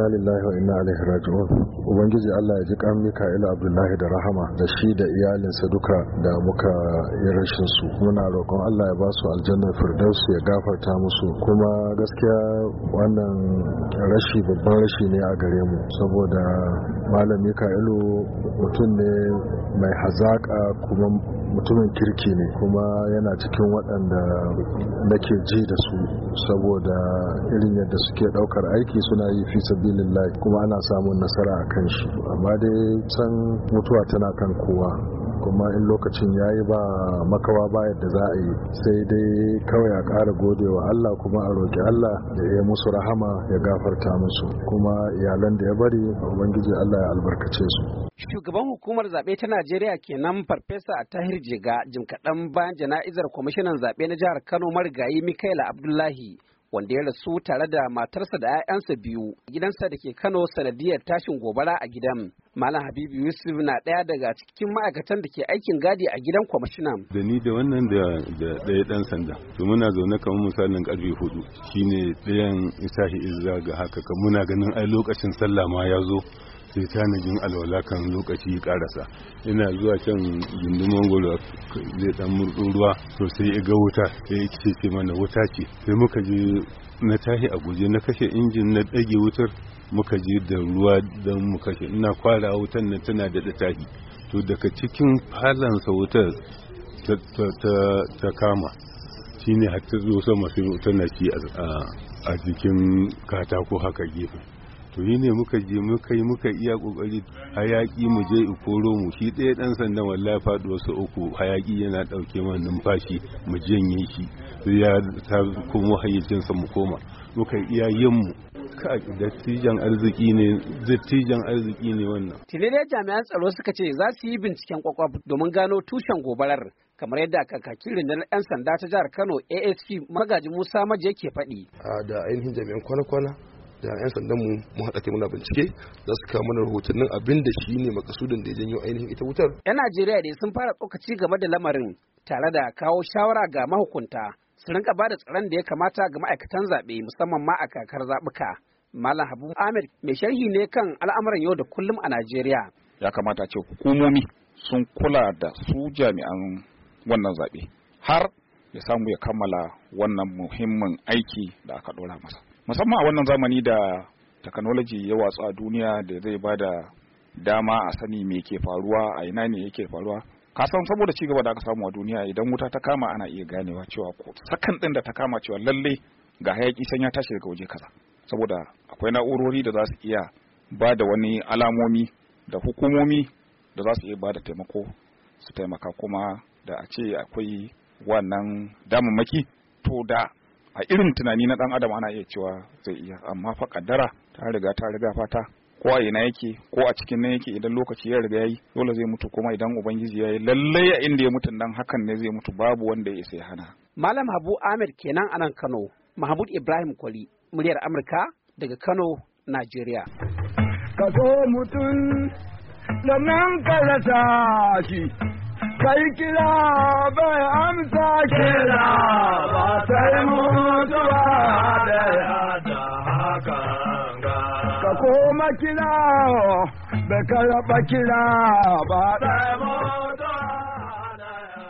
inna lillahi wa inna ilaihi raji'un ubangiji Allah ya ji kan Mika'ila Abdullahi da rahama da shi da iyalinsa duka da muka yi rashin su muna roƙon Allah ya ba su aljannar firdausi ya gafarta musu kuma gaskiya wannan rashi babban rashi ne a gare mu saboda malam Mika'ilu mutum ne mai hazaka kuma mutumin kirki ne kuma yana cikin waɗanda nake ji da su saboda irin yadda suke ɗaukar aiki suna yi fi sabilillah kuma ana samun nasara a kan shi amma dai san mutuwa tana kan kowa kuma in lokacin ya yi ba makawa ba yadda za a yi sai dai kawai a ƙara gode wa Allah kuma a roƙi Allah da ya musu rahama ya gafarta musu kuma iyalan da ya bari ubangiji Allah ya albarkace su shugaban hukumar zaɓe ta Najeriya kenan farfesa a tahir jiga jimkaɗan bayan jana'izar kwamishinan zaɓe na jihar Kano marigayi mikaila Abdullahi wanda ya rasu tare da matarsa da 'ya'yansa biyu gidansa da ke kano sanadiyar tashin gobara a gidan malam habibu yusuf na ɗaya daga cikin ma'aikatan da ke aikin gadi a gidan kwamishina da ni da wannan da ɗaya ɗan sanda to muna zaune kamar misalin karfe hudu shine ɗayan isahi izza ga haka muna ganin ai lokacin sallah ma ya zo sai tanajin alwala kan lokaci karasa ina zuwa can gindin mangoro zai dan murɗin ruwa to sai ya ga wuta sai ya ce ce mana wuta ce sai muka je na tashi a guje na kashe injin na ɗage wutar muka je da ruwa don mu kashe ina kwara wutar na tana da tahi to daga cikin falansa wutar ta kama shine har ta zo sama sai wutar na ci a jikin katako haka gefe to yi ne muka je muka yi muka iya kokari hayaki mu je ikoro mu shi ɗaya ɗan sanda wallahi faɗuwa su uku hayaki yana ɗauke man numfashi mu janye shi ya ta komo hayyacinsa mu koma muka iya yin mu dattijan arziki ne dattijan arziki ne jami'an tsaro suka ce za su yi binciken kwakwaf domin gano tushen gobarar kamar yadda kakakin rundunar 'yan sanda ta jihar kano asp magaji musa maje ke faɗi da ainihin jami'an kwana-kwana da 'yan sandan mu mu haɗa kai muna bincike za su kawo mana rahotannin abin da shi ne makasudin da ya janyo ainihin ita wutar. 'Yan Najeriya dai sun fara tsokaci game da lamarin tare da kawo shawara ga mahukunta su rinka bada tsaron da ya kamata ga ma'aikatan zaɓe musamman ma a kakar zaɓuka. Malam Habu Ahmed mai sharhi ne kan al'amuran yau da kullum a Najeriya. Ya kamata ce hukumomi sun kula da su jami'an wannan zaɓe har ya samu ya kammala wannan muhimmin aiki da aka ɗora masa. musamman a wannan zamani da technology ya watsu a duniya da zai ba da dama a sani me ke faruwa a ina ne yake faruwa ka san saboda ci gaba da aka samu a duniya idan wuta ta kama ana iya ganewa cewa ko sakan din da ta kama cewa lalle ga hayaki sanya tashi daga waje kaza saboda akwai na'urori da za su iya ba da wani alamomi da hukumomi da za su iya ba da taimako su taimaka kuma da a ce akwai wannan damammaki to da a irin tunani na dan adam ana iya cewa zai iya amma fa kaddara ta riga ta riga fata ko a ina yake ko a cikin nan yake idan lokaci ya riga yayi dole zai mutu kuma idan ubangiji yayi lallai a inda ya mutu dan hakan ne zai mutu babu wanda ya sai hana malam habu ahmed kenan a nan kano mahmud ibrahim kwali muryar amurka daga kano najeriya ka zo mutum da nan ka rasa shi kai kira bai amsa kira da kuma kira da karaba kira ba